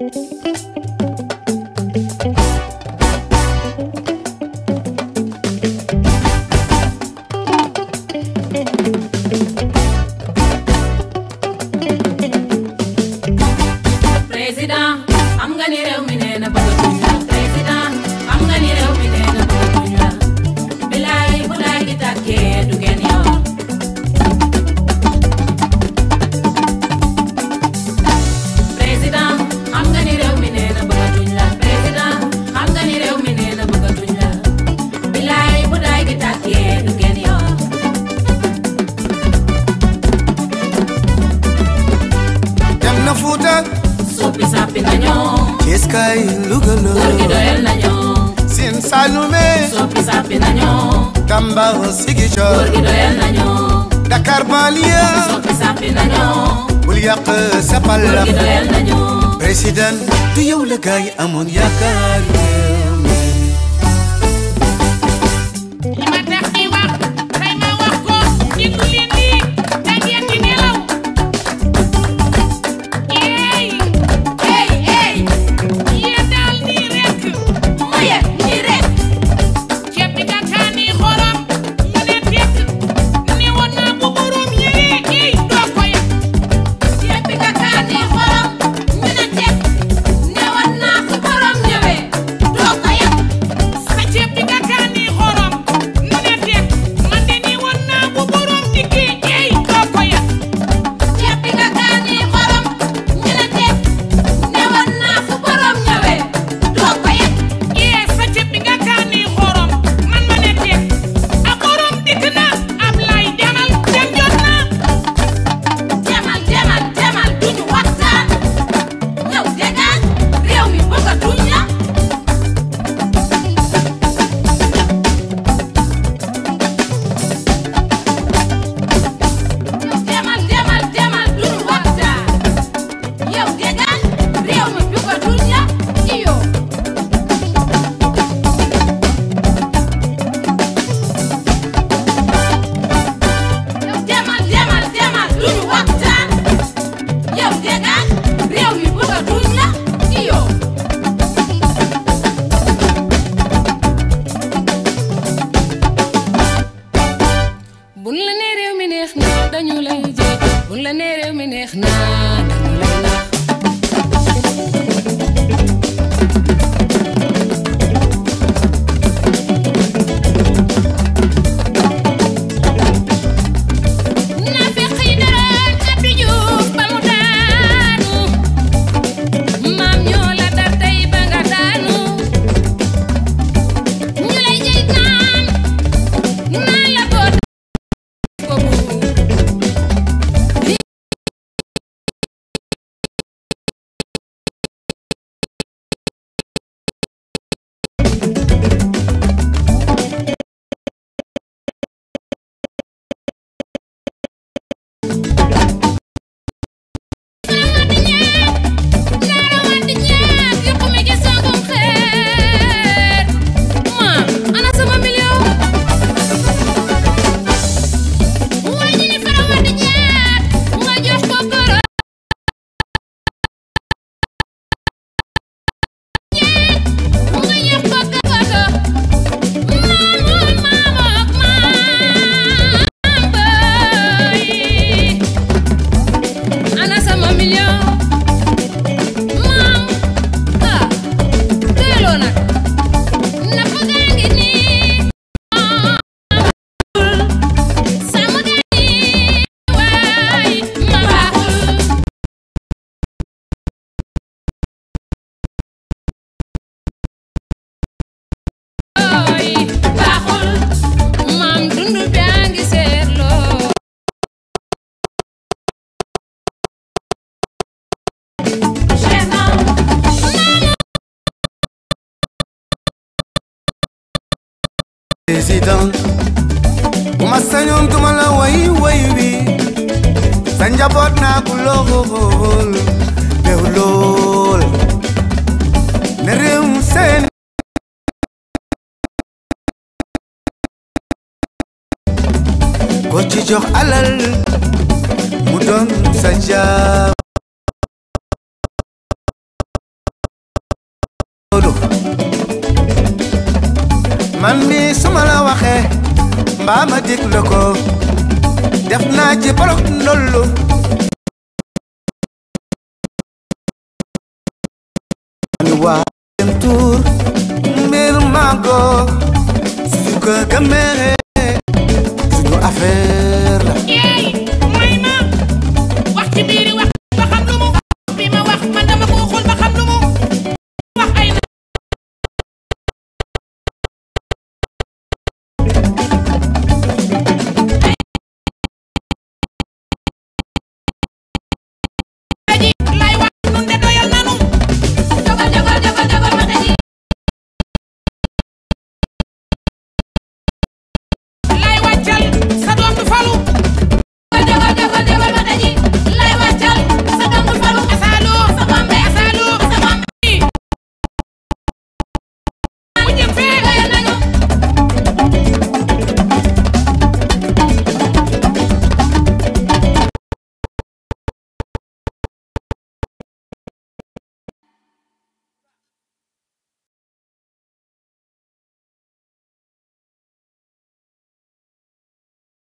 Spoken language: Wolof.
Música eskay lugolo sin salume tamba sigicho dakar balia bul yaq président du yow la gaay amoon dañu lay jël bu la nee réew mi neex naa président bu ma sañoon duma la way naa ko lool dew lool ne réewum seen ko ci alal mu doon sa मन्मी समे बाजी को देखना जे बरं लोक